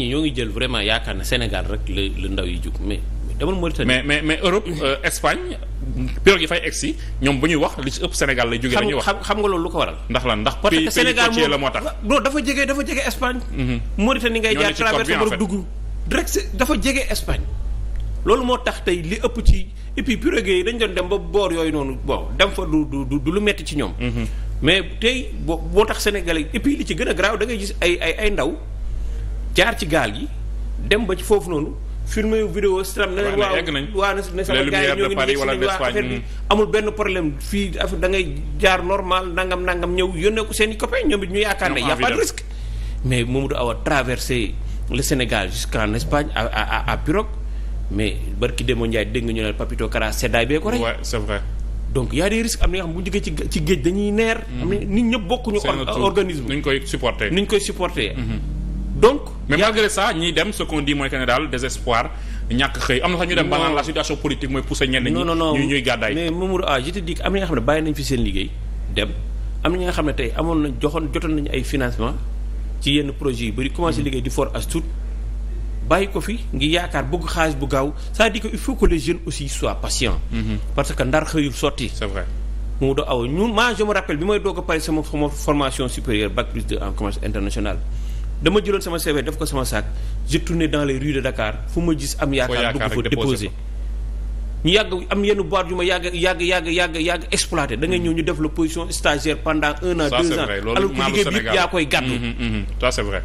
ñi ñoo ngi jël vraiment yaakaar na Sénégal rek la ndaw yi jug mais demal Mauritanie. mais mais mais Europe euh, Espagne pirogue yi fay egg si ñoom bu ñuy wax li ci ëpp Sénégal lay jógee la wax xam nga loolu lu ko waral. ndax lan ndax parce que Sénégal moo tax. non dafa jege dafa jege Espagne. Mhm. Mauritanie ngay jaar traversé moo tax tey li ëpp ci et puis pirogue yi dañ dem ba boor yooyu noonu bon dem fa du du du lu metti ci ñoom. Mhm. mais tey boo boo tax Sénégalais et li ci gën a garaaw da ngay gis ay ay ay ndaw jaar ci gaal gi dem ba ci foofu noonu filmé vidéo stram na waaw waaw ne sama gars yi ñoo ngi nii waa affaire bi hmm. benn problème fii affaire da ngay jaar normal nangam nangam ñëw yónnee ko seen i copain ñoom it ñu yaakaar ne y' a pas de risque mais Mamadou Awa traversé le Sénégal jusqu'en Espagne à à à pirogue mais barki Demba Ndiaye dégg ñu ne Papito Kara seddaay bee ko rey. waaw c'est donc y a des am na bu ñu jógee ci ci géej dañuy neer. Hmm. am na nit ñëpp bokkuñu. organisme ni ñu koy supporter ni ñu koy supporter. Hmm. donc. mais malgré ça ñiy dem ce qu'on mooy que daal désespoir ñàkk xëy am na sax ñu dem. ba naan la situation politique mooy pousser ñenn ñi. non ñuy gàddaay. mais Mamour ne bàyyi nañ na ñi nga na joxoon jotoon nañu ay financement ci yenn projets yu bëri commencé mm-hmm. liggéey ko fi ngi yaakaar bëgg xaalis bu gaaw mm-hmm. cest à mu do aw ma je me bi may doog a pare sama formation supérieure bac plus en commerce international. dama jëloon sama CV def ko sama sac j'ai tourné dans les rues de Dakar fu ma gis am yaakaar dugg fa déposé ñu yàgg am yenn boîte yu ma yàgg yàgg yàgg yàgg yàgg exploité da ngay ñëw ñu def la position stagiaire pendant un an ça, deux ans liggéey bi yaa koy gàddu mm-hmm, mm-hmm. ça c'est vrai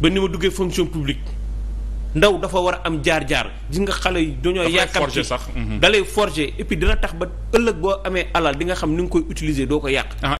ba ni ma duggee fonction publique ndaw dafa war a am jaar-jaar gis nga xale yi dañoo yaakaar ci sax mm-hmm. da lay forger et tax ba ëllëg boo amee alal di nga xam ni nga koy utiliser doo ko yàq ah.